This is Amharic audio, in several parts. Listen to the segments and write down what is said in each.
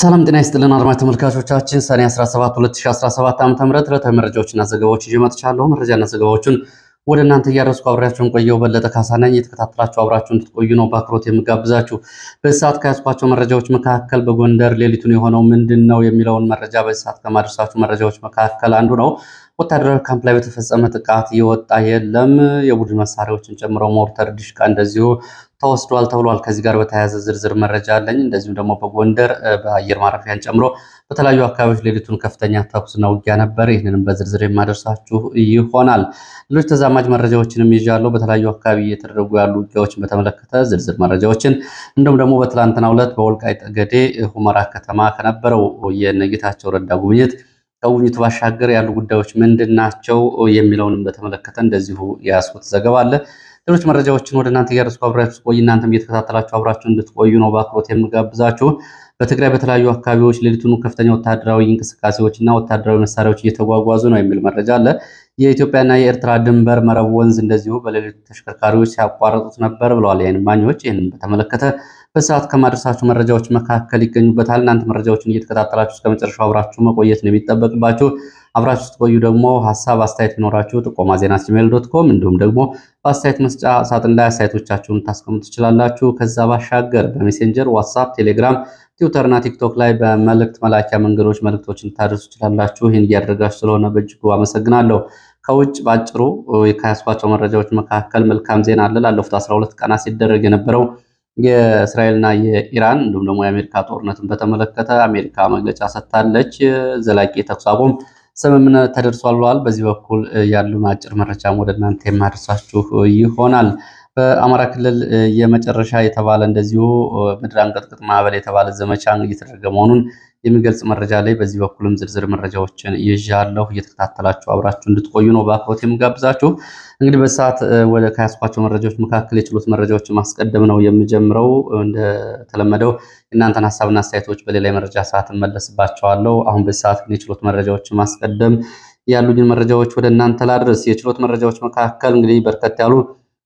ሰላም ጤና ይስጥልን አድማጭ ተመልካቾቻችን ሰኔ 17 2017 ዓ.ም ዕለታዊ መረጃዎችና ዘገባዎች ይዤ መጥቻለሁ። መረጃና ዘገባዎቹን ወደ እናንተ እያደረስኩ አብሬያቸውን ቆየው በለጠ ካሳናኝ የተከታተላችሁ አብራችሁን እንድትቆዩ ነው በአክብሮት የምጋብዛችሁ። በዚህ ሰዓት ከያዝኳቸው መረጃዎች መካከል በጎንደር ሌሊቱን የሆነው ምንድን ነው የሚለውን መረጃ በዚህ ሰዓት ከማድረሳችሁ መረጃዎች መካከል አንዱ ነው። ወታደራዊ ካምፕ ላይ በተፈጸመ ጥቃት የወጣ የለም። የቡድን መሳሪያዎችን ጨምሮ ሞርተር፣ ዲሽቃ እንደዚሁ ተወስዷል ተብሏል። ከዚህ ጋር በተያያዘ ዝርዝር መረጃ አለኝ። እንደዚሁም ደግሞ በጎንደር በአየር ማረፊያን ጨምሮ በተለያዩ አካባቢዎች ሌሊቱን ከፍተኛ ተኩስና ውጊያ ነበር። ይህንንም በዝርዝር የማደርሳችሁ ይሆናል። ሌሎች ተዛማጅ መረጃዎችንም ይዣለሁ። በተለያዩ አካባቢ እየተደረጉ ያሉ ውጊያዎችን በተመለከተ ዝርዝር መረጃዎችን እንዲሁም ደግሞ በትላንትናው ዕለት በወልቃይት ጠገዴ ሁመራ ከተማ ከነበረው የነጌታቸው ረዳ ጉብኝት ከውይይቱ ባሻገር ያሉ ጉዳዮች ምንድን ናቸው የሚለውንም በተመለከተ እንደዚሁ የያዝኩት ዘገባ አለ። ሌሎች መረጃዎችን ወደ እናንተ እያደረስኩ አብራችሁ ቆይ። እናንተም እየተከታተላችሁ አብራችሁ እንድትቆዩ ነው በአክብሮት የምጋብዛችሁ። በትግራይ በተለያዩ አካባቢዎች ሌሊቱን ከፍተኛ ወታደራዊ እንቅስቃሴዎች እና ወታደራዊ መሳሪያዎች እየተጓጓዙ ነው የሚል መረጃ አለ። የኢትዮጵያና የኤርትራ ድንበር መረብ ወንዝ እንደዚሁ በሌሎች ተሽከርካሪዎች ሲያቋረጡት ነበር ብለዋል የዓይን እማኞች። ይህንን በተመለከተ በሰዓት ከማድረሳችሁ መረጃዎች መካከል ይገኙበታል። እናንተ መረጃዎችን እየተከታተላችሁ እስከ መጨረሻው አብራችሁ መቆየት ነው የሚጠበቅባችሁ። አብራችሁ ስትቆዩ ደግሞ ሀሳብ አስተያየት ቢኖራችሁ ጥቆማ ዜና ጂሜል ዶት ኮም እንዲሁም ደግሞ በአስተያየት መስጫ ሳጥን ላይ አስተያየቶቻችሁን ታስቀምጡ ትችላላችሁ። ከዛ ባሻገር በሜሴንጀር ዋትሳፕ፣ ቴሌግራም፣ ትዊተርና ቲክቶክ ላይ በመልእክት መላኪያ መንገዶች መልእክቶችን ታደርሱ ትችላላችሁ። ይህን እያደረጋችሁ ስለሆነ በእጅጉ አመሰግናለሁ። ከውጭ ባጭሩ ከያስኳቸው መረጃዎች መካከል መልካም ዜና አለ። ላለፉት 12 ቀናት ሲደረግ የነበረው የእስራኤልና የኢራን እንዲሁም ደግሞ የአሜሪካ ጦርነትን በተመለከተ አሜሪካ መግለጫ ሰጥታለች። ዘላቂ የተኩስ አቁም ስምምነት ተደርሷል። በዚህ በኩል ያሉን አጭር መረጃም ወደ እናንተ የማደርሳችሁ ይሆናል። በአማራ ክልል የመጨረሻ የተባለ እንደዚሁ ምድር አንቀጥቅጥ ማዕበል የተባለ ዘመቻ እየተደረገ መሆኑን የሚገልጽ መረጃ ላይ በዚህ በኩልም ዝርዝር መረጃዎችን ይዣለሁ። እየተከታተላችሁ አብራችሁ እንድትቆዩ ነው በአክብሮት የምጋብዛችሁ። እንግዲህ በሰዓት ወደ ከያስኳቸው መረጃዎች መካከል የችሎት መረጃዎችን ማስቀደም ነው የምጀምረው። እንደተለመደው እናንተን ሀሳብና አስተያየቶች በሌላ የመረጃ ሰዓት እመለስባቸዋለሁ። አሁን በዚህ ሰዓት ግን የችሎት መረጃዎችን ማስቀደም ያሉኝን መረጃዎች ወደ እናንተ ላድርስ። የችሎት መረጃዎች መካከል እንግዲህ በርከት ያሉ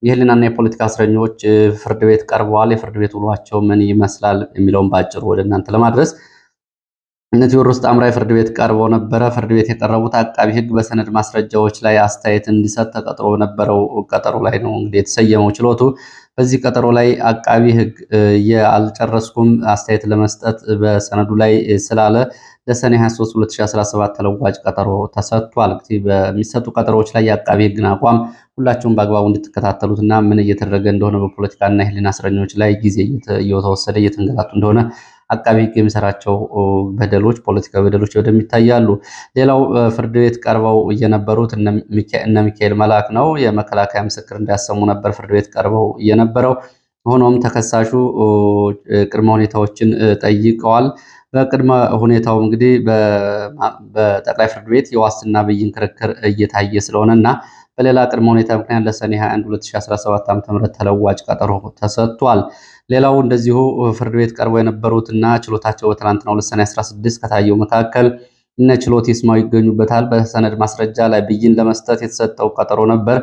የህሊናና የፖለቲካ እስረኞች ፍርድ ቤት ቀርበዋል። የፍርድ ቤት ውሏቸው ምን ይመስላል የሚለውን በአጭሩ ወደ እናንተ ለማድረስ እነ ቴዎድሮስ ጣምራይ ፍርድ ቤት ቀርበው ነበረ። ፍርድ ቤት የቀረቡት አቃቢ ሕግ በሰነድ ማስረጃዎች ላይ አስተያየት እንዲሰጥ ተቀጥሮ በነበረው ቀጠሮ ላይ ነው እንግዲህ የተሰየመው ችሎቱ። በዚህ ቀጠሮ ላይ አቃቢ ሕግ አልጨረስኩም አስተያየት ለመስጠት በሰነዱ ላይ ስላለ ለሰኔ 23 2017 ተለዋጭ ቀጠሮ ተሰጥቷል። እንግዲህ በሚሰጡ ቀጠሮዎች ላይ የአቃቢ ሕግን አቋም ሁላችሁም በአግባቡ እንድትከታተሉትና ምን እየተደረገ እንደሆነ በፖለቲካና የህሊና እስረኞች ላይ ጊዜ እየተወሰደ እየተንገላቱ እንደሆነ አቃቢ ህግ የሚሰራቸው በደሎች፣ ፖለቲካዊ በደሎች በደንብ ይታያሉ። ሌላው ፍርድ ቤት ቀርበው እየነበሩት እነ ሚካኤል መልአክ ነው። የመከላከያ ምስክር እንዲያሰሙ ነበር ፍርድ ቤት ቀርበው እየነበረው። ሆኖም ተከሳሹ ቅድመ ሁኔታዎችን ጠይቀዋል። በቅድመ ሁኔታው እንግዲህ በጠቅላይ ፍርድ ቤት የዋስትና ብይን ክርክር እየታየ ስለሆነ እና በሌላ ቅድመ ሁኔታ ምክንያት ለሰኔ 21 2017 ዓ.ም ተለዋጭ ቀጠሮ ተሰጥቷል። ሌላው እንደዚሁ ፍርድ ቤት ቀርበው የነበሩትና ችሎታቸው በትናንትናው ሁለት ሰኔ 16 ከታየው መካከል እነ ችሎት ይስማው ይገኙበታል። በሰነድ ማስረጃ ላይ ብይን ለመስጠት የተሰጠው ቀጠሮ ነበር።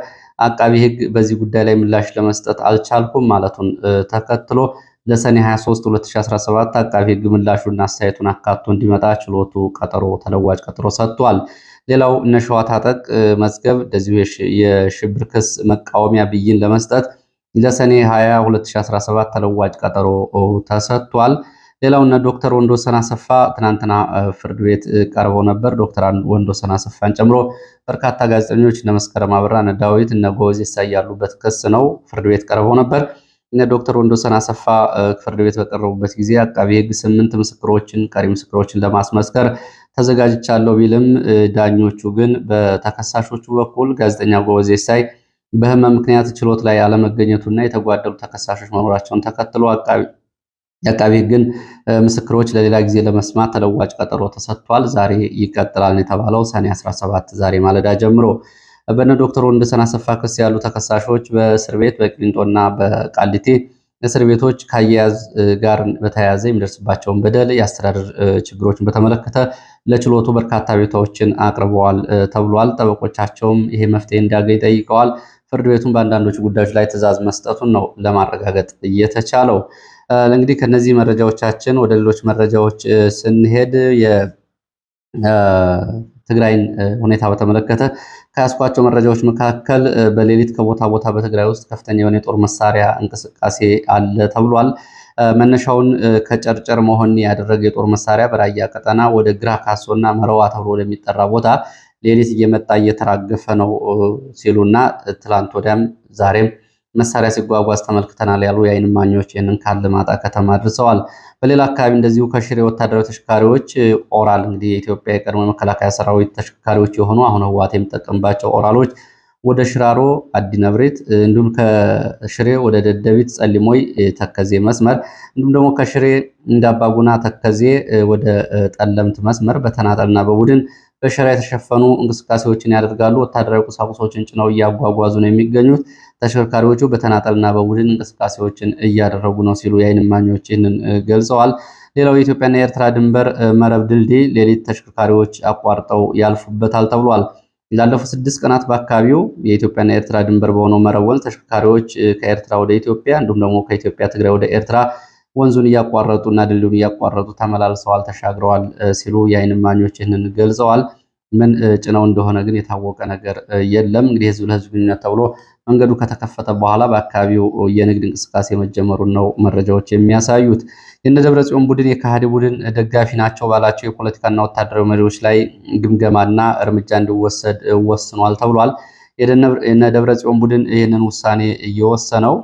አቃቢ ሕግ በዚህ ጉዳይ ላይ ምላሽ ለመስጠት አልቻልኩም ማለቱን ተከትሎ ለሰኔ 23 2017 አቃቢ ሕግ ምላሹና አስተያየቱን አካቶ እንዲመጣ ችሎቱ ቀጠሮ ተለዋጭ ቀጠሮ ሰጥቷል። ሌላው እነ ሸዋ ታጠቅ መዝገብ እንደዚሁ የሽብር ክስ መቃወሚያ ብይን ለመስጠት ለሰኔ 20 2017 ተለዋጭ ቀጠሮ ተሰጥቷል። ሌላው እነ ዶክተር ወንዶሰን አሰፋ ትናንትና ፍርድ ቤት ቀርበው ነበር። ዶክተር ወንዶሰን አሰፋን ጨምሮ በርካታ ጋዜጠኞች እነ መስከረም አበራ፣ እነ ዳዊት፣ እነ ጎዝ ያሉበት ክስ ነው። ፍርድ ቤት ቀርበው ነበር። እነ ዶክተር ወንዶሰን አሰፋ ፍርድ ቤት በቀረቡበት ጊዜ አቃቢ ህግ ስምንት ምስክሮችን ቀሪ ምስክሮችን ለማስመስከር ተዘጋጅቻለሁ ቢልም ዳኞቹ ግን በተከሳሾቹ በኩል ጋዜጠኛ ጎዜሳይ በህመም ምክንያት ችሎት ላይ አለመገኘቱና የተጓደሉ ተከሳሾች መኖራቸውን ተከትሎ የአቃቢ ህግን ምስክሮች ለሌላ ጊዜ ለመስማት ተለዋጭ ቀጠሮ ተሰጥቷል። ዛሬ ይቀጥላል የተባለው ሰኔ 17 ዛሬ ማለዳ ጀምሮ በነ ዶክተር ወንድሰን አሰፋ ክስ ያሉ ተከሳሾች በእስር ቤት በቅሊንጦና በቃሊቲ እስር ቤቶች ከአያያዝ ጋር በተያያዘ የሚደርስባቸውን በደል፣ የአስተዳደር ችግሮችን በተመለከተ ለችሎቱ በርካታ ቤታዎችን አቅርበዋል ተብሏል። ጠበቆቻቸውም ይሄ መፍትሄ እንዲያገኝ ጠይቀዋል። ፍርድ ቤቱም በአንዳንዶቹ ጉዳዮች ላይ ትዕዛዝ መስጠቱን ነው ለማረጋገጥ እየተቻለው። እንግዲህ ከነዚህ መረጃዎቻችን ወደ ሌሎች መረጃዎች ስንሄድ የትግራይን ሁኔታ በተመለከተ ከያስኳቸው መረጃዎች መካከል በሌሊት ከቦታ ቦታ በትግራይ ውስጥ ከፍተኛ የሆነ የጦር መሳሪያ እንቅስቃሴ አለ ተብሏል። መነሻውን ከጨርጨር መሆን ያደረገ የጦር መሳሪያ በራያ ቀጠና ወደ ግራ ካሶና መረዋ ተብሎ ወደሚጠራ ቦታ ሌሊት እየመጣ እየተራገፈ ነው ሲሉና ትላንት ወዲያም ዛሬም መሳሪያ ሲጓጓዝ ተመልክተናል ያሉ የአይን እማኞች ይህንን ከአላማጣ ከተማ አድርሰዋል። በሌላ አካባቢ እንደዚሁ ከሽሬ ወታደራዊ ተሽከርካሪዎች ኦራል እንግዲህ የኢትዮጵያ የቀድሞ መከላከያ ሰራዊት ተሽከርካሪዎች የሆኑ አሁን ህወሓት የሚጠቀምባቸው ኦራሎች ወደ ሽራሮ አዲነብሬት እንዲሁም ከሽሬ ወደ ደደቢት ጸሊሞይ ተከዜ መስመር እንዲሁም ደግሞ ከሽሬ እንዳባጉና ተከዜ ወደ ጠለምት መስመር በተናጠልና በቡድን በሸራ የተሸፈኑ እንቅስቃሴዎችን ያደርጋሉ። ወታደራዊ ቁሳቁሶችን ጭነው እያጓጓዙ ነው የሚገኙት። ተሽከርካሪዎቹ በተናጠልና በቡድን እንቅስቃሴዎችን እያደረጉ ነው ሲሉ የዓይን እማኞች ይህንን ገልጸዋል። ሌላው የኢትዮጵያና የኤርትራ ድንበር መረብ ድልድይ ሌሊት ተሽከርካሪዎች አቋርጠው ያልፉበታል ተብሏል። ላለፉት ስድስት ቀናት በአካባቢው የኢትዮጵያና የኤርትራ ድንበር በሆነው መረብ ወንዝ ተሽከርካሪዎች ከኤርትራ ወደ ኢትዮጵያ እንዲሁም ደግሞ ከኢትዮጵያ ትግራይ ወደ ኤርትራ ወንዙን እያቋረጡ እና ድልድዩን እያቋረጡ ተመላልሰዋል፣ ተሻግረዋል ሲሉ የዓይን እማኞች ይህንን ገልጸዋል። ምን ጭነው እንደሆነ ግን የታወቀ ነገር የለም። እንግዲህ ህዝብ ለህዝብ ግንኙነት ተብሎ መንገዱ ከተከፈተ በኋላ በአካባቢው የንግድ እንቅስቃሴ መጀመሩን ነው መረጃዎች የሚያሳዩት። የነ ደብረ ጽዮን ቡድን የካሃዲ ቡድን ደጋፊ ናቸው ባላቸው የፖለቲካና ወታደራዊ መሪዎች ላይ ግምገማና እርምጃ እንዲወሰድ ወስኗል ተብሏል። የነ ደብረ ጽዮን ቡድን ይህንን ውሳኔ እየወሰነው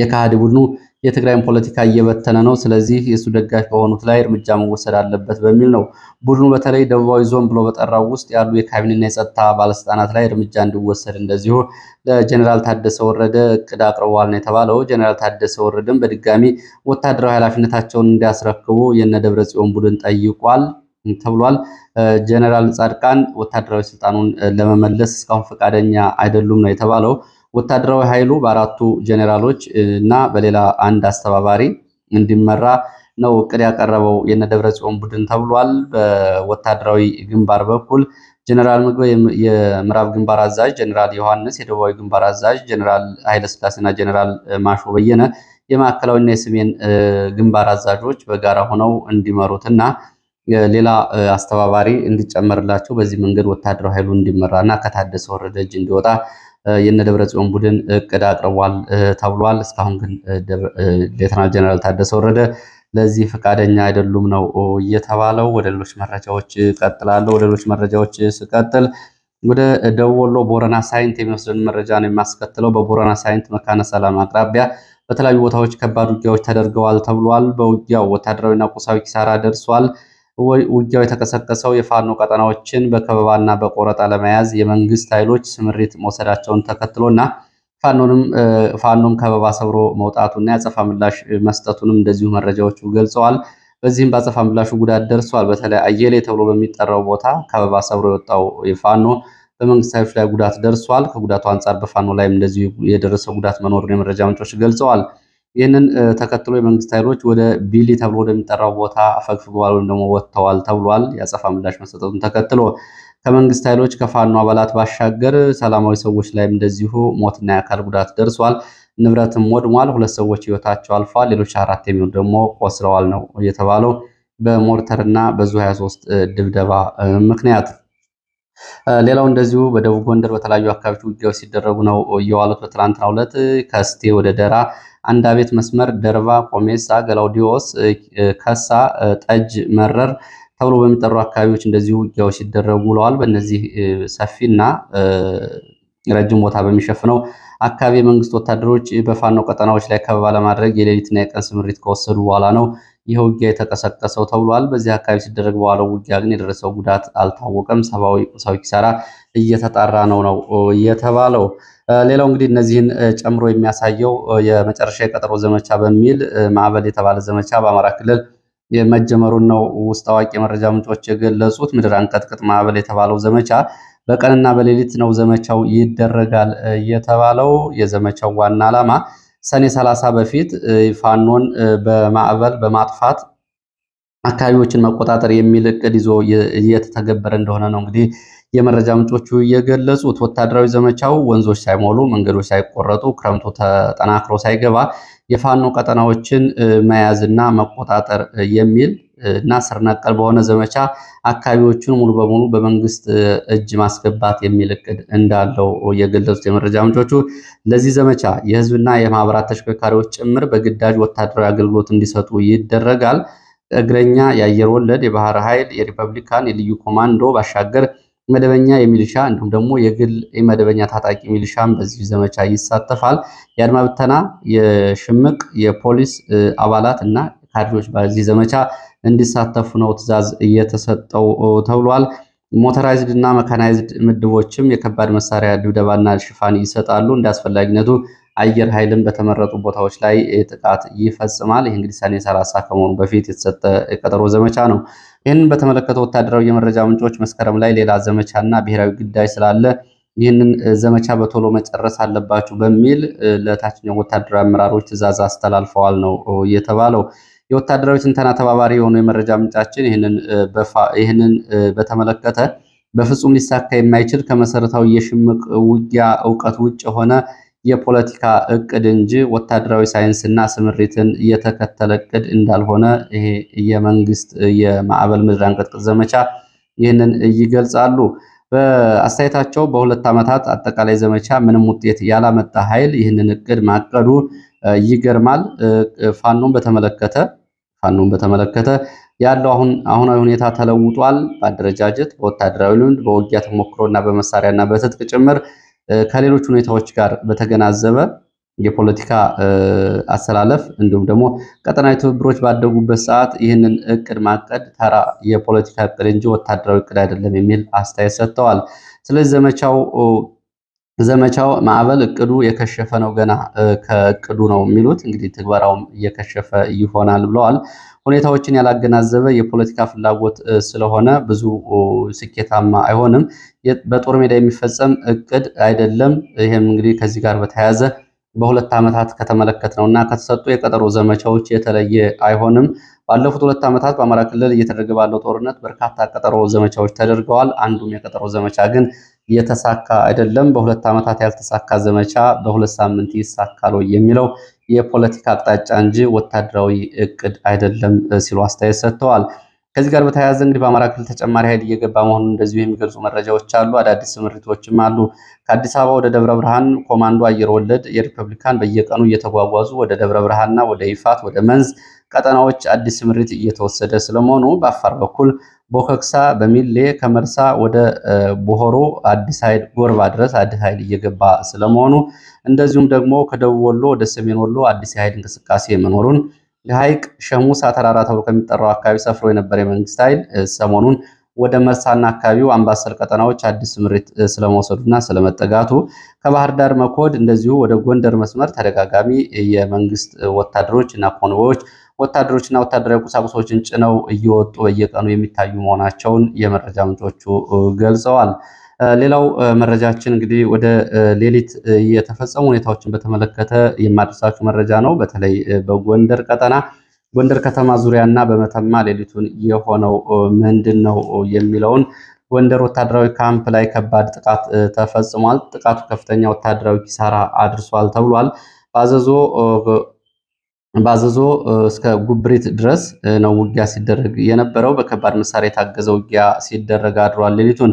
የካሃዲ ቡድኑ የትግራይን ፖለቲካ እየበተነ ነው። ስለዚህ የእሱ ደጋፊ በሆኑት ላይ እርምጃ መወሰድ አለበት በሚል ነው ቡድኑ በተለይ ደቡባዊ ዞን ብሎ በጠራው ውስጥ ያሉ የካቢኔና የጸጥታ ባለስልጣናት ላይ እርምጃ እንዲወሰድ እንደዚሁ ለጀኔራል ታደሰ ወረደ እቅድ አቅርበዋል ነው የተባለው። ጀኔራል ታደሰ ወረደም በድጋሚ ወታደራዊ ኃላፊነታቸውን እንዲያስረክቡ የነ ደብረ ጽዮን ቡድን ጠይቋል ተብሏል። ጀኔራል ጻድቃን ወታደራዊ ስልጣኑን ለመመለስ እስካሁን ፈቃደኛ አይደሉም ነው የተባለው። ወታደራዊ ኃይሉ በአራቱ ጀኔራሎች እና በሌላ አንድ አስተባባሪ እንዲመራ ነው እቅድ ያቀረበው የነደብረ ጽዮን ቡድን ተብሏል። በወታደራዊ ግንባር በኩል ጀኔራል ምግበ የምዕራብ ግንባር አዛዥ፣ ጀኔራል ዮሐንስ የደቡባዊ ግንባር አዛዥ፣ ጀኔራል ኃይለስላሴና ጀኔራል ማሾ በየነ የማዕከላዊና የሰሜን ግንባር አዛዦች በጋራ ሆነው እንዲመሩትና ሌላ አስተባባሪ እንዲጨመርላቸው በዚህ መንገድ ወታደራዊ ኃይሉ እንዲመራና ከታደሰ ወረደ እጅ እንዲወጣ የነደብረ ጽዮን ቡድን እቅድ አቅርቧል ተብሏል። እስካሁን ግን ሌተናል ጀነራል ታደሰ ወረደ ለዚህ ፈቃደኛ አይደሉም ነው እየተባለው። ወደ ሌሎች መረጃዎች ቀጥላለሁ። ወደ ሌሎች መረጃዎች ስቀጥል ወደ ደቡብ ወሎ ቦረና ሳይንት የሚወስደን መረጃ ነው የማስከትለው። በቦረና ሳይንት መካነ ሰላም አቅራቢያ በተለያዩ ቦታዎች ከባድ ውጊያዎች ተደርገዋል ተብሏል። በውጊያው ወታደራዊና ቁሳዊ ኪሳራ ደርሷል። ውጊያው የተቀሰቀሰው የፋኖ ቀጠናዎችን በከበባና በቆረጣ ለመያዝ የመንግስት ኃይሎች ስምሪት መውሰዳቸውን ተከትሎና ፋኖም ከበባ ሰብሮ መውጣቱና የአጸፋ ምላሽ መስጠቱንም እንደዚሁ መረጃዎቹ ገልጸዋል። በዚህም በአጸፋ ምላሹ ጉዳት ደርሷል። በተለይ አየሌ ተብሎ በሚጠራው ቦታ ከበባ ሰብሮ የወጣው የፋኖ በመንግስት ኃይሎች ላይ ጉዳት ደርሷል። ከጉዳቱ አንጻር በፋኖ ላይም እንደዚሁ የደረሰው ጉዳት መኖሩን የመረጃ ምንጮች ገልጸዋል። ይህንን ተከትሎ የመንግስት ኃይሎች ወደ ቢሊ ተብሎ ወደሚጠራው ቦታ አፈግፍገዋል ወይም ደግሞ ወጥተዋል ተብሏል። የአጸፋ ምላሽ መሰጠቱን ተከትሎ ከመንግስት ኃይሎች ከፋኖ አባላት ባሻገር ሰላማዊ ሰዎች ላይም እንደዚሁ ሞትና የአካል ጉዳት ደርሷል። ንብረትም ወድሟል። ሁለት ሰዎች ህይወታቸው አልፏል። ሌሎች አራት የሚሆኑ ደግሞ ቆስለዋል ነው የተባለው በሞርተርና በዙ 23 ድብደባ ምክንያት ሌላው እንደዚሁ በደቡብ ጎንደር በተለያዩ አካባቢዎች ውጊያዎች ሲደረጉ ነው የዋሉት። በትላንትና ሁለት ከስቴ ወደ ደራ አንድ አቤት መስመር ደርባ፣ ቆሜሳ፣ ገላውዲዮስ፣ ከሳ፣ ጠጅ መረር ተብሎ በሚጠሩ አካባቢዎች እንደዚሁ ውጊያዎች ሲደረጉ ውለዋል። በእነዚህ ሰፊና ረጅም ቦታ በሚሸፍነው አካባቢ የመንግስት ወታደሮች በፋኖ ቀጠናዎች ላይ ከበባ ለማድረግ የሌሊትና የቀን ስምሪት ከወሰዱ በኋላ ነው ይህ ውጊያ የተቀሰቀሰው ተብሏል። በዚህ አካባቢ ሲደረግ በኋላው ውጊያ ግን የደረሰው ጉዳት አልታወቀም። ሰብአዊ፣ ቁሳዊ ኪሳራ እየተጣራ ነው ነው የተባለው። ሌላው እንግዲህ እነዚህን ጨምሮ የሚያሳየው የመጨረሻ የቀጠሮ ዘመቻ በሚል ማዕበል የተባለ ዘመቻ በአማራ ክልል መጀመሩን ነው ውስጥ አዋቂ የመረጃ ምንጮች የገለጹት። ምድር አንቀጥቅጥ ማዕበል የተባለው ዘመቻ በቀንና በሌሊት ነው ዘመቻው ይደረጋል የተባለው። የዘመቻው ዋና ዓላማ ሰኔ 30 በፊት ፋኖን በማዕበል በማጥፋት አካባቢዎችን መቆጣጠር የሚል እቅድ ይዞ እየተተገበረ እንደሆነ ነው እንግዲህ የመረጃ ምንጮቹ የገለጹት። ወታደራዊ ዘመቻው ወንዞች ሳይሞሉ መንገዶች ሳይቆረጡ ክረምቱ ተጠናክሮ ሳይገባ የፋኖ ቀጠናዎችን መያዝና መቆጣጠር የሚል እና ስር ነቀል በሆነ ዘመቻ አካባቢዎቹን ሙሉ በሙሉ በመንግስት እጅ ማስገባት የሚል እቅድ እንዳለው የገለጹት የመረጃ ምንጮቹ ለዚህ ዘመቻ የህዝብና የማህበራት ተሽከርካሪዎች ጭምር በግዳጅ ወታደራዊ አገልግሎት እንዲሰጡ ይደረጋል። እግረኛ፣ የአየር ወለድ፣ የባህር ኃይል፣ የሪፐብሊካን፣ የልዩ ኮማንዶ ባሻገር መደበኛ የሚልሻ እንዲሁም ደግሞ የግል የመደበኛ ታጣቂ ሚልሻም በዚህ ዘመቻ ይሳተፋል። የአድማ ብተና፣ የሽምቅ፣ የፖሊስ አባላት እና ካድሬዎች በዚህ ዘመቻ እንዲሳተፉ ነው ትዕዛዝ እየተሰጠው ተብሏል። ሞተራይዝድ እና መካናይዝድ ምድቦችም የከባድ መሳሪያ ድብደባና ሽፋን ይሰጣሉ። እንደ አስፈላጊነቱ አየር ኃይልም በተመረጡ ቦታዎች ላይ ጥቃት ይፈጽማል። ይህ እንግዲህ ሰኔ ሰላሳ ከመሆኑ በፊት የተሰጠ የቀጠሮ ዘመቻ ነው። ይህንን በተመለከተ ወታደራዊ የመረጃ ምንጮች መስከረም ላይ ሌላ ዘመቻና ብሔራዊ ግዳጅ ስላለ ይህንን ዘመቻ በቶሎ መጨረስ አለባችሁ በሚል ለታችኛው ወታደራዊ አመራሮች ትዕዛዝ አስተላልፈዋል ነው የተባለው። የወታደራዊ ትንተና ተባባሪ የሆኑ የመረጃ ምንጫችን ይህንን በተመለከተ በፍጹም ሊሳካ የማይችል ከመሰረታዊ የሽምቅ ውጊያ እውቀት ውጭ የሆነ የፖለቲካ እቅድ እንጂ ወታደራዊ ሳይንስና ስምሪትን የተከተለ እቅድ እንዳልሆነ ይሄ የመንግስት የማዕበል ምድር አንቀጥቅጥ ዘመቻ ይህንን ይገልጻሉ። በአስተያየታቸው በሁለት ዓመታት አጠቃላይ ዘመቻ ምንም ውጤት ያላመጣ ኃይል ይህንን እቅድ ማቀዱ ይገርማል። ፋኖን በተመለከተ ፋኖን በተመለከተ ያለው አሁን አሁናዊ ሁኔታ ተለውጧል። በአደረጃጀት፣ በወታደራዊ ልምድ፣ በውጊያ ተሞክሮና በመሳሪያና በትጥቅ ጭምር ከሌሎች ሁኔታዎች ጋር በተገናዘበ የፖለቲካ አሰላለፍ እንዲሁም ደግሞ ቀጠናዊ ትብብሮች ባደጉበት ሰዓት ይህንን እቅድ ማቀድ ተራ የፖለቲካ እቅድ እንጂ ወታደራዊ እቅድ አይደለም የሚል አስተያየት ሰጥተዋል። ስለዚህ ዘመቻው ዘመቻው ማዕበል እቅዱ የከሸፈ ነው፣ ገና ከእቅዱ ነው የሚሉት እንግዲህ ትግበራውም እየከሸፈ ይሆናል ብለዋል። ሁኔታዎችን ያላገናዘበ የፖለቲካ ፍላጎት ስለሆነ ብዙ ስኬታማ አይሆንም። በጦር ሜዳ የሚፈጸም እቅድ አይደለም። ይህም እንግዲህ ከዚህ ጋር በተያያዘ በሁለት ዓመታት ከተመለከት ነው እና ከተሰጡ የቀጠሮ ዘመቻዎች የተለየ አይሆንም። ባለፉት ሁለት ዓመታት በአማራ ክልል እየተደረገ ባለው ጦርነት በርካታ ቀጠሮ ዘመቻዎች ተደርገዋል። አንዱም የቀጠሮ ዘመቻ ግን የተሳካ አይደለም፣ በሁለት ዓመታት ያልተሳካ ዘመቻ በሁለት ሳምንት ይሳካል ወይ የሚለው የፖለቲካ አቅጣጫ እንጂ ወታደራዊ እቅድ አይደለም ሲሉ አስተያየት ሰጥተዋል። ከዚህ ጋር በተያያዘ እንግዲህ በአማራ ክልል ተጨማሪ ኃይል እየገባ መሆኑን እንደዚሁ የሚገልጹ መረጃዎች አሉ። አዳዲስ ስምሪቶችም አሉ። ከአዲስ አበባ ወደ ደብረ ብርሃን ኮማንዶ አየር ወለድ የሪፐብሊካን በየቀኑ እየተጓጓዙ ወደ ደብረ ብርሃንና ወደ ይፋት ወደ መንዝ ቀጠናዎች አዲስ ስምሪት እየተወሰደ ስለመሆኑ በአፋር በኩል ቦከክሳ በሚሌ ከመርሳ ወደ ቦሆሮ አዲስ ኃይል ጎርባ ድረስ አዲስ ኃይል እየገባ ስለመሆኑ እንደዚሁም ደግሞ ከደቡብ ወሎ ወደ ሰሜን ወሎ አዲስ ኃይል እንቅስቃሴ መኖሩን የሐይቅ ሸሙሳ ተራራ ተብሎ ከሚጠራው አካባቢ ሰፍሮ የነበረ የመንግስት ኃይል ሰሞኑን ወደ መርሳና አካባቢው አምባሰል ቀጠናዎች አዲስ ምሪት ስለመውሰዱና ስለመጠጋቱ ከባህር ዳር መኮድ እንደዚሁ ወደ ጎንደር መስመር ተደጋጋሚ የመንግስት ወታደሮች እና ኮንቮዮች ወታደሮችና ወታደራዊ ቁሳቁሶችን ጭነው እየወጡ በየቀኑ የሚታዩ መሆናቸውን የመረጃ ምንጮቹ ገልጸዋል። ሌላው መረጃችን እንግዲህ ወደ ሌሊት የተፈጸሙ ሁኔታዎችን በተመለከተ የማድረሳችሁ መረጃ ነው። በተለይ በጎንደር ቀጠና ጎንደር ከተማ ዙሪያና በመተማ ሌሊቱን የሆነው ምንድን ነው የሚለውን ጎንደር ወታደራዊ ካምፕ ላይ ከባድ ጥቃት ተፈጽሟል። ጥቃቱ ከፍተኛ ወታደራዊ ኪሳራ አድርሷል ተብሏል። በአዘዞ በአዘዞ እስከ ጉብሪት ድረስ ነው ውጊያ ሲደረግ የነበረው። በከባድ መሳሪያ የታገዘ ውጊያ ሲደረግ አድሯል። ሌሊቱን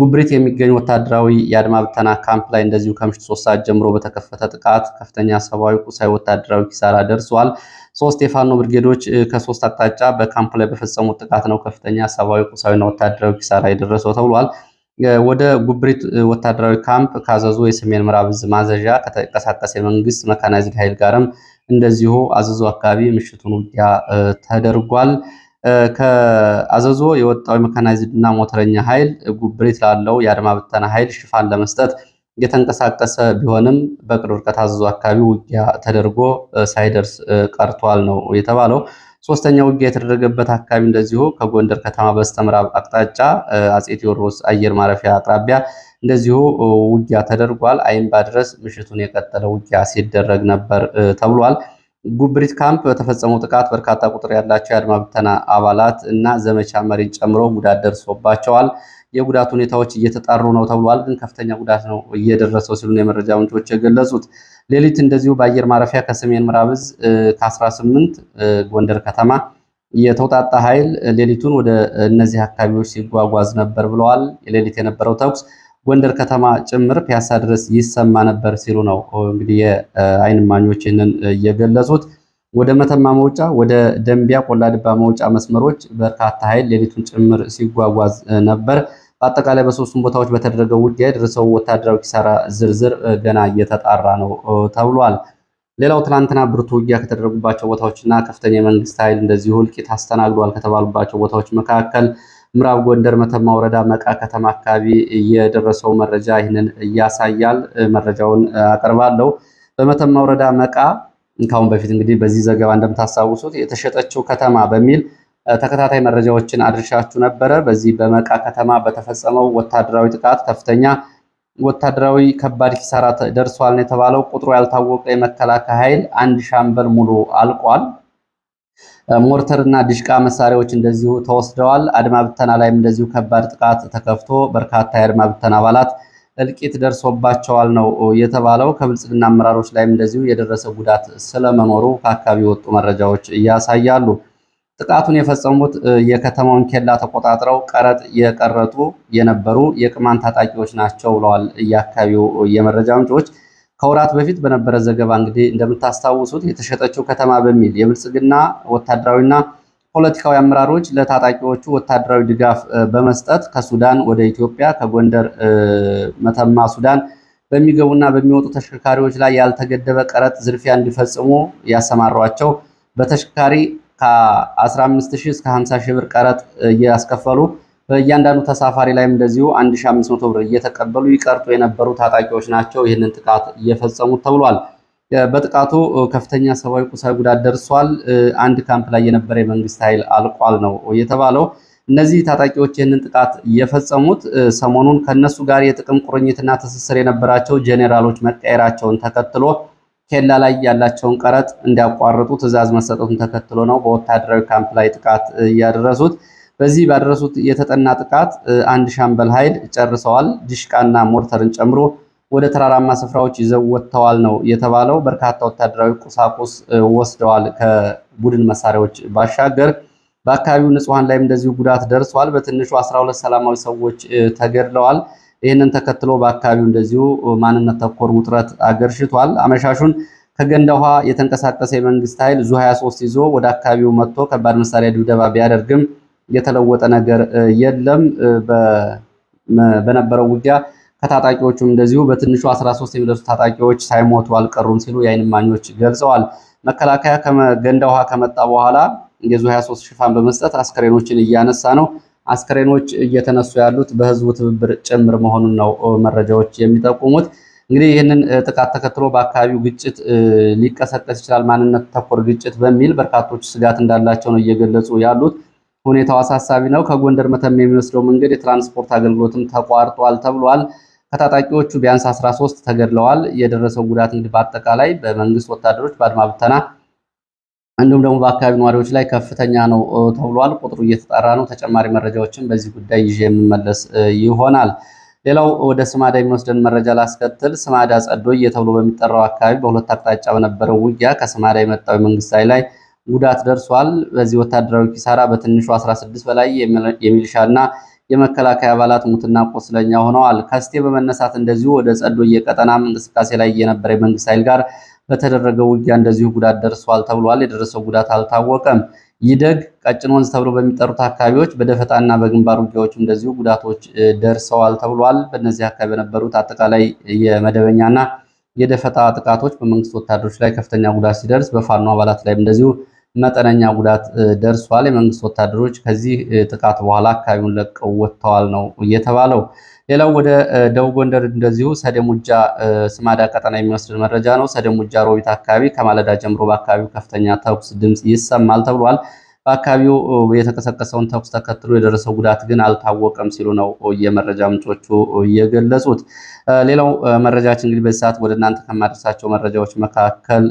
ጉብሪት የሚገኝ ወታደራዊ የአድማ ብተና ካምፕ ላይ እንደዚሁ ከምሽቱ ሶስት ሰዓት ጀምሮ በተከፈተ ጥቃት ከፍተኛ ሰብአዊ፣ ቁሳዊ ወታደራዊ ኪሳራ ደርሷል። ሶስት የፋኖ ብርጌዶች ከሶስት አቅጣጫ በካምፕ ላይ በፈጸሙት ጥቃት ነው ከፍተኛ ሰብአዊ፣ ቁሳዊና ወታደራዊ ኪሳራ የደረሰው ተብሏል። ወደ ጉብሪት ወታደራዊ ካምፕ ካዘዞ የሰሜን ምዕራብ ዕዝ ማዘዣ ከተንቀሳቀሰ የመንግስት መካናይዝድ ኃይል ጋርም እንደዚሁ አዘዞ አካባቢ ምሽቱን ውጊያ ተደርጓል። ከአዘዞ የወጣው የመካናይዝድ እና ሞተረኛ ኃይል ጉብሬት ላለው የአድማ ብተና ኃይል ሽፋን ለመስጠት እየተንቀሳቀሰ ቢሆንም በቅርብ ርቀት አዘዞ አካባቢ ውጊያ ተደርጎ ሳይደርስ ቀርቷል ነው የተባለው። ሶስተኛ ውጊያ የተደረገበት አካባቢ እንደዚሁ ከጎንደር ከተማ በስተምዕራብ አቅጣጫ አጼ ቴዎድሮስ አየር ማረፊያ አቅራቢያ እንደዚሁ ውጊያ ተደርጓል። አይምባ ድረስ ምሽቱን የቀጠለ ውጊያ ሲደረግ ነበር ተብሏል። ጉብሪት ካምፕ በተፈጸመው ጥቃት በርካታ ቁጥር ያላቸው የአድማ ብተና አባላት እና ዘመቻ መሪን ጨምሮ ጉዳት ደርሶባቸዋል። የጉዳት ሁኔታዎች እየተጣሩ ነው ተብሏል። ግን ከፍተኛ ጉዳት ነው እየደረሰው ሲሉ ነው የመረጃ ምንጮች የገለጹት። ሌሊት እንደዚሁ በአየር ማረፊያ ከሰሜን ምዕራብ ዕዝ ከ18 ጎንደር ከተማ የተውጣጣ ኃይል ሌሊቱን ወደ እነዚህ አካባቢዎች ሲጓጓዝ ነበር ብለዋል። ሌሊት የነበረው ተኩስ ጎንደር ከተማ ጭምር ፒያሳ ድረስ ይሰማ ነበር ሲሉ ነው እንግዲህ የአይን ማኞች ይህንን የገለጹት። ወደ መተማ መውጫ ወደ ደንቢያ ቆላድባ መውጫ መስመሮች በርካታ ኃይል ሌሊቱን ጭምር ሲጓጓዝ ነበር። በአጠቃላይ በሶስቱም ቦታዎች በተደረገው ውጊያ የደረሰው ወታደራዊ ኪሳራ ዝርዝር ገና እየተጣራ ነው ተብሏል። ሌላው ትናንትና ብርቱ ውጊያ ከተደረጉባቸው ቦታዎችና ከፍተኛ የመንግስት ኃይል እንደዚሁ እልቂት አስተናግዷል ከተባሉባቸው ቦታዎች መካከል ምዕራብ ጎንደር መተማ ወረዳ መቃ ከተማ አካባቢ የደረሰው መረጃ ይህንን እያሳያል። መረጃውን አቀርባለሁ። በመተማ ወረዳ መቃ ከአሁን በፊት እንግዲህ በዚህ ዘገባ እንደምታስታውሱት የተሸጠችው ከተማ በሚል ተከታታይ መረጃዎችን አድርሻችሁ ነበረ። በዚህ በመቃ ከተማ በተፈጸመው ወታደራዊ ጥቃት ከፍተኛ ወታደራዊ ከባድ ኪሳራ ደርሷል ነው የተባለው። ቁጥሩ ያልታወቀ የመከላከያ ኃይል አንድ ሻምበል ሙሉ አልቋል። ሞርተር እና ዲሽቃ መሳሪያዎች እንደዚሁ ተወስደዋል። አድማ ብተና ላይም እንደዚሁ ከባድ ጥቃት ተከፍቶ በርካታ የአድማ ብተና አባላት እልቂት ደርሶባቸዋል ነው የተባለው። ከብልጽግና አመራሮች ላይም እንደዚሁ የደረሰ ጉዳት ስለመኖሩ ከአካባቢ የወጡ መረጃዎች ያሳያሉ። ጥቃቱን የፈጸሙት የከተማውን ኬላ ተቆጣጥረው ቀረጥ የቀረጡ የነበሩ የቅማን ታጣቂዎች ናቸው ብለዋል የአካባቢው የመረጃ ምንጮች። ከወራት በፊት በነበረ ዘገባ እንግዲህ እንደምታስታውሱት የተሸጠችው ከተማ በሚል የብልጽግና ወታደራዊና ፖለቲካዊ አመራሮች ለታጣቂዎቹ ወታደራዊ ድጋፍ በመስጠት ከሱዳን ወደ ኢትዮጵያ ከጎንደር መተማ ሱዳን በሚገቡና በሚወጡ ተሽከርካሪዎች ላይ ያልተገደበ ቀረጥ ዝርፊያ እንዲፈጽሙ ያሰማሯቸው በተሽከርካሪ ከ15 ሺህ እስከ 50 ሺህ ብር ቀረጥ እያስከፈሉ በእያንዳንዱ ተሳፋሪ ላይም እንደዚሁ 1500 ብር እየተቀበሉ ይቀርጡ የነበሩ ታጣቂዎች ናቸው ይህንን ጥቃት እየፈጸሙት ተብሏል። በጥቃቱ ከፍተኛ ሰብአዊ፣ ቁሳዊ ጉዳት ደርሷል። አንድ ካምፕ ላይ የነበረ የመንግስት ኃይል አልቋል ነው የተባለው። እነዚህ ታጣቂዎች ይህንን ጥቃት የፈጸሙት ሰሞኑን ከነሱ ጋር የጥቅም ቁርኝትና ትስስር የነበራቸው ጄኔራሎች መቀየራቸውን ተከትሎ ኬላ ላይ ያላቸውን ቀረጥ እንዲያቋርጡ ትዕዛዝ መሰጠቱን ተከትሎ ነው በወታደራዊ ካምፕ ላይ ጥቃት ያደረሱት። በዚህ ባደረሱት የተጠና ጥቃት አንድ ሻምበል ኃይል ጨርሰዋል። ድሽቃና ሞርተርን ጨምሮ ወደ ተራራማ ስፍራዎች ይዘው ወጥተዋል ነው የተባለው። በርካታ ወታደራዊ ቁሳቁስ ወስደዋል። ከቡድን መሳሪያዎች ባሻገር በአካባቢው ንጹሐን ላይም እንደዚሁ ጉዳት ደርሷል። በትንሹ 12 ሰላማዊ ሰዎች ተገድለዋል። ይህንን ተከትሎ በአካባቢው እንደዚሁ ማንነት ተኮር ውጥረት አገርሽቷል። አመሻሹን ከገንዳ ውሃ የተንቀሳቀሰ የመንግስት ኃይል ዙ 23 ይዞ ወደ አካባቢው መጥቶ ከባድ መሳሪያ ድብደባ ቢያደርግም የተለወጠ ነገር የለም። በነበረው ውጊያ ከታጣቂዎቹም እንደዚሁ በትንሹ 13 የሚደርሱ ታጣቂዎች ሳይሞቱ አልቀሩም ሲሉ የአይን እማኞች ገልጸዋል። መከላከያ ገንዳ ውሃ ከመጣ በኋላ የዙ 23 ሽፋን በመስጠት አስከሬኖችን እያነሳ ነው። አስከሬኖች እየተነሱ ያሉት በህዝቡ ትብብር ጭምር መሆኑን ነው መረጃዎች የሚጠቁሙት። እንግዲህ ይህንን ጥቃት ተከትሎ በአካባቢው ግጭት ሊቀሰቀስ ይችላል፣ ማንነት ተኮር ግጭት በሚል በርካቶች ስጋት እንዳላቸው ነው እየገለጹ ያሉት። ሁኔታው አሳሳቢ ነው። ከጎንደር መተማ የሚወስደው መንገድ የትራንስፖርት አገልግሎትም ተቋርጧል ተብሏል። ከታጣቂዎቹ ቢያንስ 13 ተገድለዋል። የደረሰው ጉዳት እንግዲህ በአጠቃላይ በመንግስት ወታደሮች በአድማ ብተና እንዲሁም ደግሞ በአካባቢ ነዋሪዎች ላይ ከፍተኛ ነው ተብሏል። ቁጥሩ እየተጣራ ነው። ተጨማሪ መረጃዎችን በዚህ ጉዳይ ይዤ የምመለስ ይሆናል። ሌላው ወደ ስማዳ የሚወስደን መረጃ ላስከትል። ስማዳ ጸዶ እየተብሎ በሚጠራው አካባቢ በሁለት አቅጣጫ በነበረው ውጊያ ከስማዳ የመጣው የመንግስት ኃይል ላይ ጉዳት ደርሷል። በዚህ ወታደራዊ ኪሳራ በትንሹ 16 በላይ የሚሊሻና የመከላከያ አባላት ሙትና ቆስለኛ ሆነዋል። ከስቴ በመነሳት እንደዚሁ ወደ ጸዶዬ ቀጠናም እንቅስቃሴ ላይ የነበረ የመንግስት ኃይል ጋር በተደረገ ውጊያ እንደዚሁ ጉዳት ደርሷል ተብሏል። የደረሰው ጉዳት አልታወቀም። ይደግ ቀጭን ወንዝ ተብሎ በሚጠሩት አካባቢዎች በደፈጣና በግንባር ውጊያዎች እንደዚሁ ጉዳቶች ደርሰዋል ተብሏል። በእነዚህ አካባቢ በነበሩት አጠቃላይ የመደበኛና የደፈጣ ጥቃቶች በመንግስት ወታደሮች ላይ ከፍተኛ ጉዳት ሲደርስ በፋኖ አባላት ላይም እንደዚሁ መጠነኛ ጉዳት ደርሷል። የመንግስት ወታደሮች ከዚህ ጥቃት በኋላ አካባቢውን ለቀው ወጥተዋል ነው እየተባለው። ሌላው ወደ ደቡብ ጎንደር እንደዚሁ ሰደሙጃ ስማዳ ቀጠና የሚወስድ መረጃ ነው። ሰደሙጃ ሮቢት አካባቢ ከማለዳ ጀምሮ በአካባቢው ከፍተኛ ተኩስ ድምፅ ይሰማል ተብሏል። በአካባቢው የተቀሰቀሰውን ተኩስ ተከትሎ የደረሰው ጉዳት ግን አልታወቀም ሲሉ ነው የመረጃ ምንጮቹ የገለጹት። ሌላው መረጃችን እንግዲህ በዚህ ሰዓት ወደ እናንተ ከማድረሳቸው መረጃዎች መካከል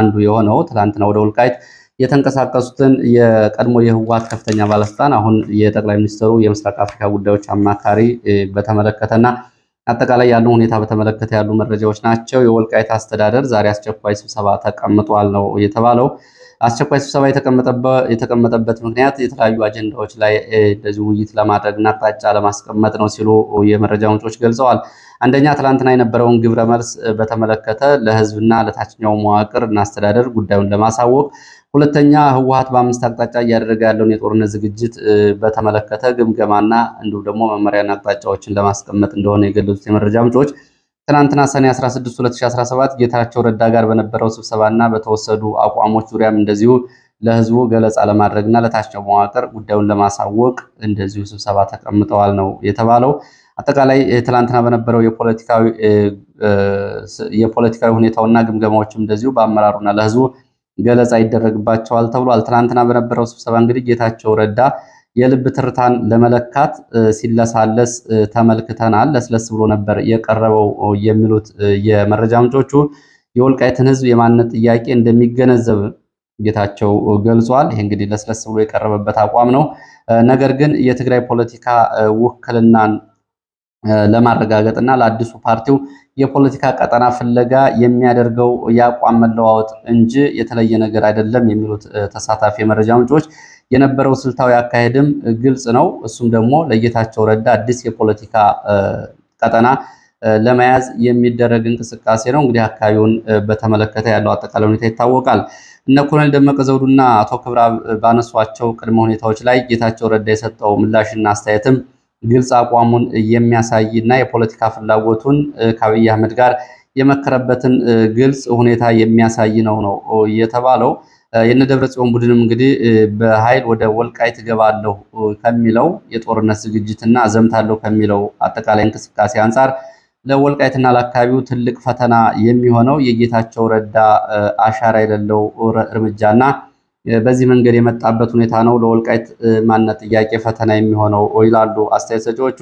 አንዱ የሆነው ትላንትና ወደ ወልቃይት የተንቀሳቀሱትን የቀድሞ የህወሓት ከፍተኛ ባለስልጣን አሁን የጠቅላይ ሚኒስትሩ የምስራቅ አፍሪካ ጉዳዮች አማካሪ በተመለከተና አጠቃላይ ያለው ሁኔታ በተመለከተ ያሉ መረጃዎች ናቸው። የወልቃይት አስተዳደር ዛሬ አስቸኳይ ስብሰባ ተቀምጧል ነው የተባለው። አስቸኳይ ስብሰባ የተቀመጠበት ምክንያት የተለያዩ አጀንዳዎች ላይ እንደዚህ ውይይት ለማድረግና አቅጣጫ ለማስቀመጥ ነው ሲሉ የመረጃ ምንጮች ገልጸዋል። አንደኛ ትላንትና የነበረውን ግብረ መልስ በተመለከተ ለህዝብና ለታችኛው መዋቅር እና አስተዳደር ጉዳዩን ለማሳወቅ፣ ሁለተኛ ህወሀት በአምስት አቅጣጫ እያደረገ ያለውን የጦርነት ዝግጅት በተመለከተ ግምገማና እንዲሁም ደግሞ መመሪያና አቅጣጫዎችን ለማስቀመጥ እንደሆነ የገለጹት የመረጃ ምንጮች ትናንትና ሰኔ 16 2017 ጌታቸው ረዳ ጋር በነበረው ስብሰባና በተወሰዱ አቋሞች ዙሪያም እንደዚሁ ለህዝቡ ገለጻ ለማድረግና ለታቸው መዋቅር ጉዳዩን ለማሳወቅ እንደዚሁ ስብሰባ ተቀምጠዋል ነው የተባለው። አጠቃላይ ትላንትና በነበረው የፖለቲካዊ ሁኔታውና ግምገማዎችም እንደዚሁ በአመራሩና ለህዝቡ ገለጻ ይደረግባቸዋል ተብሏል። ትናንትና በነበረው ስብሰባ እንግዲህ ጌታቸው ረዳ የልብ ትርታን ለመለካት ሲለሳለስ ተመልክተናል። ለስለስ ብሎ ነበር የቀረበው የሚሉት የመረጃ ምንጮቹ የወልቃይትን ሕዝብ የማንነት ጥያቄ እንደሚገነዘብ ጌታቸው ገልጿል። ይህ እንግዲህ ለስለስ ብሎ የቀረበበት አቋም ነው። ነገር ግን የትግራይ ፖለቲካ ውክልናን ለማረጋገጥ እና ለአዲሱ ፓርቲው የፖለቲካ ቀጠና ፍለጋ የሚያደርገው የአቋም መለዋወጥ እንጂ የተለየ ነገር አይደለም የሚሉት ተሳታፊ የመረጃ ምንጮች የነበረው ስልታዊ አካሄድም ግልጽ ነው። እሱም ደግሞ ለጌታቸው ረዳ አዲስ የፖለቲካ ቀጠና ለመያዝ የሚደረግ እንቅስቃሴ ነው። እንግዲህ አካባቢውን በተመለከተ ያለው አጠቃላይ ሁኔታ ይታወቃል። እነ ኮሎኔል ደመቀ ዘውዱና አቶ ክብራ ባነሷቸው ቅድመ ሁኔታዎች ላይ ጌታቸው ረዳ የሰጠው ምላሽና አስተያየትም ግልጽ አቋሙን የሚያሳይ እና የፖለቲካ ፍላጎቱን ከአብይ አህመድ ጋር የመከረበትን ግልጽ ሁኔታ የሚያሳይ ነው ነው የተባለው። የነ ጽዮን ቡድንም እንግዲህ በኃይል ወደ ወልቃይት እገባለሁ ከሚለው የጦርነት ዝግጅትና ዘምታለሁ ከሚለው አጠቃላይ እንቅስቃሴ አንጻር ለወልቃይትና ለአካባቢው ትልቅ ፈተና የሚሆነው የጌታቸው ረዳ አሻራ የሌለው እርምጃና በዚህ መንገድ የመጣበት ሁኔታ ነው ለወልቃይት ማንነት ጥያቄ ፈተና የሚሆነው ይላሉ አስተያየት ሰጪዎቹ።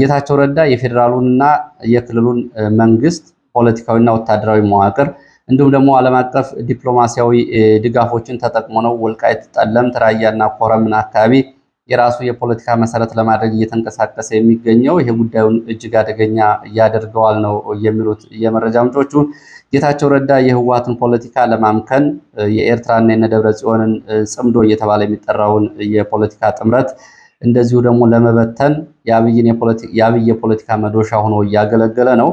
ጌታቸው ረዳ የፌዴራሉንና የክልሉን መንግስት ፖለቲካዊና ወታደራዊ መዋቅር እንዲሁም ደግሞ ዓለም አቀፍ ዲፕሎማሲያዊ ድጋፎችን ተጠቅሞ ነው ወልቃይት፣ ጠለምት፣ ራያና ኮረምን አካባቢ የራሱ የፖለቲካ መሰረት ለማድረግ እየተንቀሳቀሰ የሚገኘው ይሄ ጉዳዩን እጅግ አደገኛ እያደርገዋል ነው የሚሉት የመረጃ ምንጮቹ። ጌታቸው ረዳ የህወሓትን ፖለቲካ ለማምከን የኤርትራና የነደብረ ጽዮንን ጽምዶ እየተባለ የሚጠራውን የፖለቲካ ጥምረት እንደዚሁ ደግሞ ለመበተን የአብይ የፖለቲካ መዶሻ ሆኖ እያገለገለ ነው።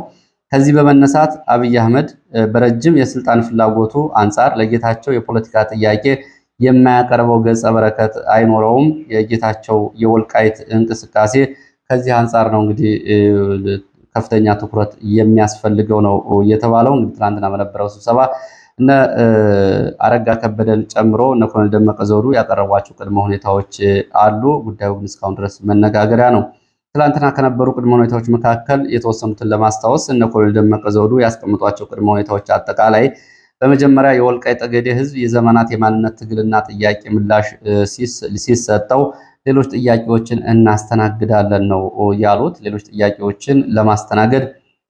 ከዚህ በመነሳት አብይ አህመድ በረጅም የስልጣን ፍላጎቱ አንጻር ለጌታቸው የፖለቲካ ጥያቄ የማያቀርበው ገጸ በረከት አይኖረውም። የጌታቸው የወልቃይት እንቅስቃሴ ከዚህ አንጻር ነው እንግዲህ ከፍተኛ ትኩረት የሚያስፈልገው ነው የተባለው። እንግዲህ ትናንትና በነበረው ስብሰባ እነ አረጋ ከበደን ጨምሮ እነ ኮሎኔል ደመቀ ዘውዱ ያቀረቧቸው ቅድመ ሁኔታዎች አሉ። ጉዳዩ ግን እስካሁን ድረስ መነጋገሪያ ነው። ትላንትና ከነበሩ ቅድመ ሁኔታዎች መካከል የተወሰኑትን ለማስታወስ እነ ኮሎኔል ደመቀ ዘውዱ ያስቀምጧቸው ቅድመ ሁኔታዎች አጠቃላይ በመጀመሪያ የወልቃይ ጠገዴ ህዝብ የዘመናት የማንነት ትግልና ጥያቄ ምላሽ ሲሰጠው ሌሎች ጥያቄዎችን እናስተናግዳለን ነው ያሉት። ሌሎች ጥያቄዎችን ለማስተናገድ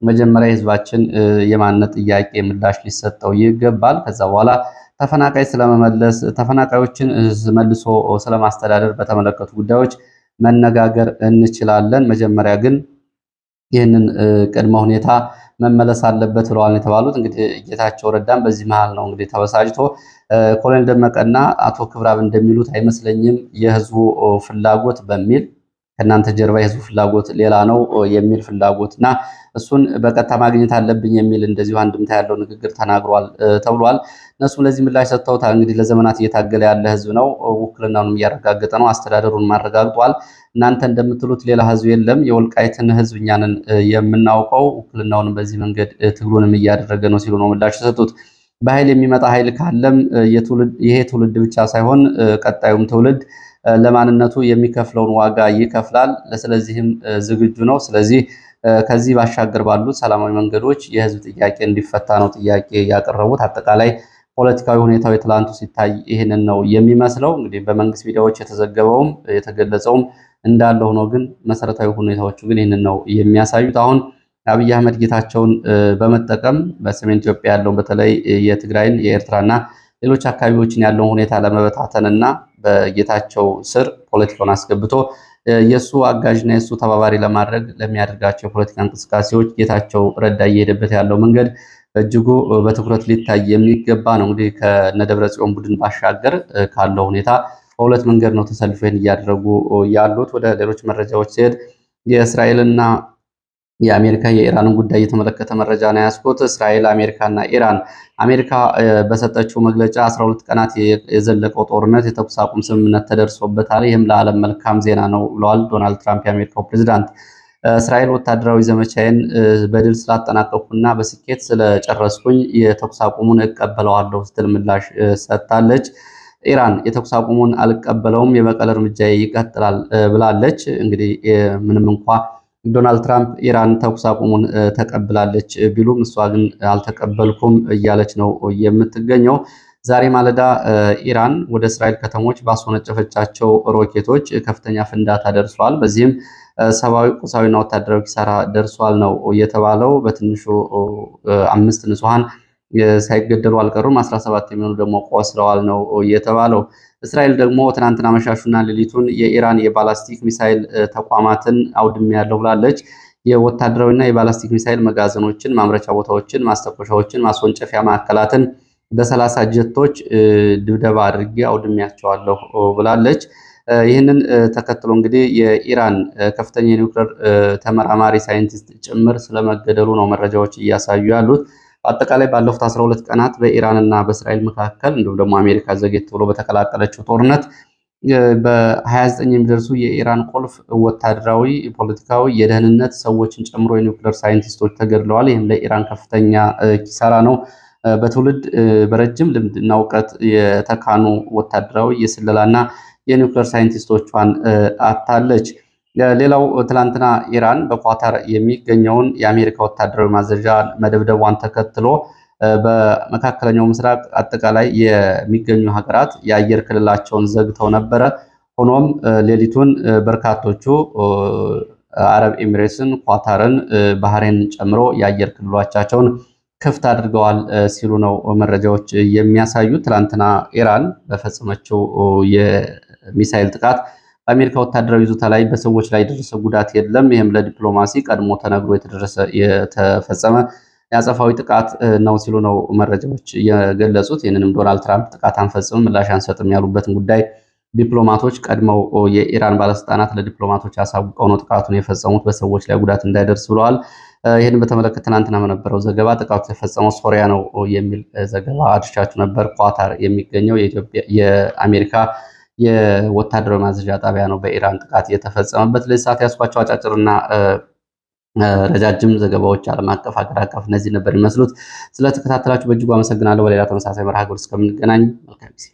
መጀመሪያ የህዝባችን የማንነት ጥያቄ ምላሽ ሊሰጠው ይገባል። ከዛ በኋላ ተፈናቃይ ስለመመለስ፣ ተፈናቃዮችን መልሶ ስለማስተዳደር በተመለከቱ ጉዳዮች መነጋገር እንችላለን። መጀመሪያ ግን ይህንን ቅድመ ሁኔታ መመለስ አለበት ብለዋል የተባሉት እንግዲህ ጌታቸው ረዳም በዚህ መሀል ነው እንግዲህ ተበሳጭቶ ኮሎኔል ደመቀና አቶ ክብራብ እንደሚሉት አይመስለኝም የህዝቡ ፍላጎት በሚል ከእናንተ ጀርባ የህዝቡ ፍላጎት ሌላ ነው የሚል ፍላጎት እና እሱን በቀጥታ ማግኘት አለብኝ የሚል እንደዚሁ አንድምታ ያለው ንግግር ተናግሯል ተብሏል። እነሱም ለዚህ ምላሽ ሰጥተውታል። እንግዲህ ለዘመናት እየታገለ ያለ ህዝብ ነው፣ ውክልናውንም እያረጋገጠ ነው፣ አስተዳደሩን ማረጋግጧል። እናንተ እንደምትሉት ሌላ ህዝብ የለም። የወልቃይትን ህዝብ እኛንን የምናውቀው ውክልናውንም በዚህ መንገድ ትግሉንም እያደረገ ነው ሲሉ ነው ምላሽ የሰጡት። በኃይል የሚመጣ ኃይል ካለም ይሄ ትውልድ ብቻ ሳይሆን ቀጣዩም ትውልድ ለማንነቱ የሚከፍለውን ዋጋ ይከፍላል። ስለዚህም ዝግጁ ነው። ስለዚህ ከዚህ ባሻገር ባሉት ሰላማዊ መንገዶች የህዝብ ጥያቄ እንዲፈታ ነው ጥያቄ ያቀረቡት። አጠቃላይ ፖለቲካዊ ሁኔታው የትላንቱ ሲታይ ይህንን ነው የሚመስለው። እንግዲህ በመንግስት ሚዲያዎች የተዘገበውም የተገለጸውም እንዳለ ሆኖ ግን መሰረታዊ ሁኔታዎቹ ግን ይህንን ነው የሚያሳዩት። አሁን አብይ አህመድ ጌታቸውን በመጠቀም በሰሜን ኢትዮጵያ ያለውን በተለይ የትግራይን የኤርትራና ሌሎች አካባቢዎችን ያለውን ሁኔታ ለመበታተንና በጌታቸው ስር ፖለቲካውን አስገብቶ የእሱ አጋዥና የእሱ ተባባሪ ለማድረግ ለሚያደርጋቸው የፖለቲካ እንቅስቃሴዎች ጌታቸው ረዳ እየሄደበት ያለው መንገድ በእጅጉ በትኩረት ሊታይ የሚገባ ነው። እንግዲህ ከነደብረ ጽዮን ቡድን ባሻገር ካለው ሁኔታ በሁለት መንገድ ነው ተሰልፈን እያደረጉ ያሉት። ወደ ሌሎች መረጃዎች ሲሄድ የእስራኤልና የአሜሪካ የኢራንን ጉዳይ የተመለከተ መረጃ ነው ያስኮት እስራኤል አሜሪካና ኢራን አሜሪካ በሰጠችው መግለጫ 12 ቀናት የዘለቀው ጦርነት የተኩስ አቁም ስምምነት ተደርሶበታል፣ ይህም ለዓለም መልካም ዜና ነው ብለዋል ዶናልድ ትራምፕ የአሜሪካው ፕሬዚዳንት። እስራኤል ወታደራዊ ዘመቻዬን በድል ስላጠናቀቅኩና በስኬት ስለጨረስኩኝ የተኩስ አቁሙን እቀበለዋለሁ ስትል ምላሽ ሰጥታለች። ኢራን የተኩስ አቁሙን አልቀበለውም፣ የበቀል እርምጃ ይቀጥላል ብላለች። እንግዲህ ምንም እንኳ ዶናልድ ትራምፕ ኢራን ተኩስ አቁሙን ተቀብላለች ቢሉም እሷ ግን አልተቀበልኩም እያለች ነው የምትገኘው። ዛሬ ማለዳ ኢራን ወደ እስራኤል ከተሞች ባስወነጨፈቻቸው ሮኬቶች ከፍተኛ ፍንዳታ ደርሷል። በዚህም ሰብአዊ፣ ቁሳዊና ወታደራዊ ኪሳራ ደርሷል ነው የተባለው። በትንሹ አምስት ንጹሐን ሳይገደሉ አልቀሩም። 17 የሚሆኑ ደግሞ ቆስለዋል ነው የተባለው። እስራኤል ደግሞ ትናንትና አመሻሹና ሌሊቱን የኢራን የባላስቲክ ሚሳይል ተቋማትን አውድሜያለሁ ብላለች። የወታደራዊና የባላስቲክ ሚሳይል መጋዘኖችን፣ ማምረቻ ቦታዎችን፣ ማስተኮሻዎችን፣ ማስወንጨፊያ ማዕከላትን በሰላሳ ጀቶች ድብደባ አድርጌ አውድሜያቸዋለሁ ብላለች። ይህንን ተከትሎ እንግዲህ የኢራን ከፍተኛ የኒውክሌር ተመራማሪ ሳይንቲስት ጭምር ስለመገደሉ ነው መረጃዎች እያሳዩ ያሉት። አጠቃላይ ባለፉት 12 ቀናት በኢራንና በእስራኤል መካከል እንዲሁም ደግሞ አሜሪካ ዘግየት ብሎ በተቀላቀለችው ጦርነት በ29 የሚደርሱ የኢራን ቁልፍ ወታደራዊ፣ ፖለቲካዊ፣ የደህንነት ሰዎችን ጨምሮ የኒውክሌር ሳይንቲስቶች ተገድለዋል። ይህም ለኢራን ከፍተኛ ኪሳራ ነው። በትውልድ በረጅም ልምድና እውቀት የተካኑ ወታደራዊ የስለላና የኒውክሌር ሳይንቲስቶቿን አታለች። ሌላው ትላንትና ኢራን በኳታር የሚገኘውን የአሜሪካ ወታደራዊ ማዘዣ መደብደቧን ተከትሎ በመካከለኛው ምስራቅ አጠቃላይ የሚገኙ ሀገራት የአየር ክልላቸውን ዘግተው ነበረ። ሆኖም ሌሊቱን በርካቶቹ አረብ ኤሚሬትስን፣ ኳታርን፣ ባህሬን ጨምሮ የአየር ክልሎቻቸውን ክፍት አድርገዋል ሲሉ ነው መረጃዎች የሚያሳዩ። ትላንትና ኢራን በፈጸመችው የሚሳይል ጥቃት በአሜሪካ ወታደራዊ ይዞታ ላይ በሰዎች ላይ የደረሰ ጉዳት የለም። ይህም ለዲፕሎማሲ ቀድሞ ተነግሮ የተደረሰ የተፈጸመ የአጸፋዊ ጥቃት ነው ሲሉ ነው መረጃዎች የገለጹት። ይህንንም ዶናልድ ትራምፕ ጥቃት አንፈጽምም፣ ምላሽ አንሰጥም ያሉበትን ጉዳይ ዲፕሎማቶች ቀድመው የኢራን ባለስልጣናት ለዲፕሎማቶች አሳውቀው ነው ጥቃቱን የፈጸሙት በሰዎች ላይ ጉዳት እንዳይደርስ ብለዋል። ይህን በተመለከተ ትናንትና በነበረው ዘገባ ጥቃቱ የፈጸመው ሶሪያ ነው የሚል ዘገባ አድርሻችሁ ነበር። ኳታር የሚገኘው የአሜሪካ የወታደራዊ ማዘዣ ጣቢያ ነው በኢራን ጥቃት የተፈጸመበት። ለዚህ ሰዓት ያስኳቸው አጫጭርና ረጃጅም ዘገባዎች ዓለም አቀፍ አገር አቀፍ እነዚህ ነበር የሚመስሉት። ስለተከታተላችሁ በእጅጉ አመሰግናለሁ። በሌላ ተመሳሳይ መርሃ ግብር እስከምንገናኝ መልካም ጊዜ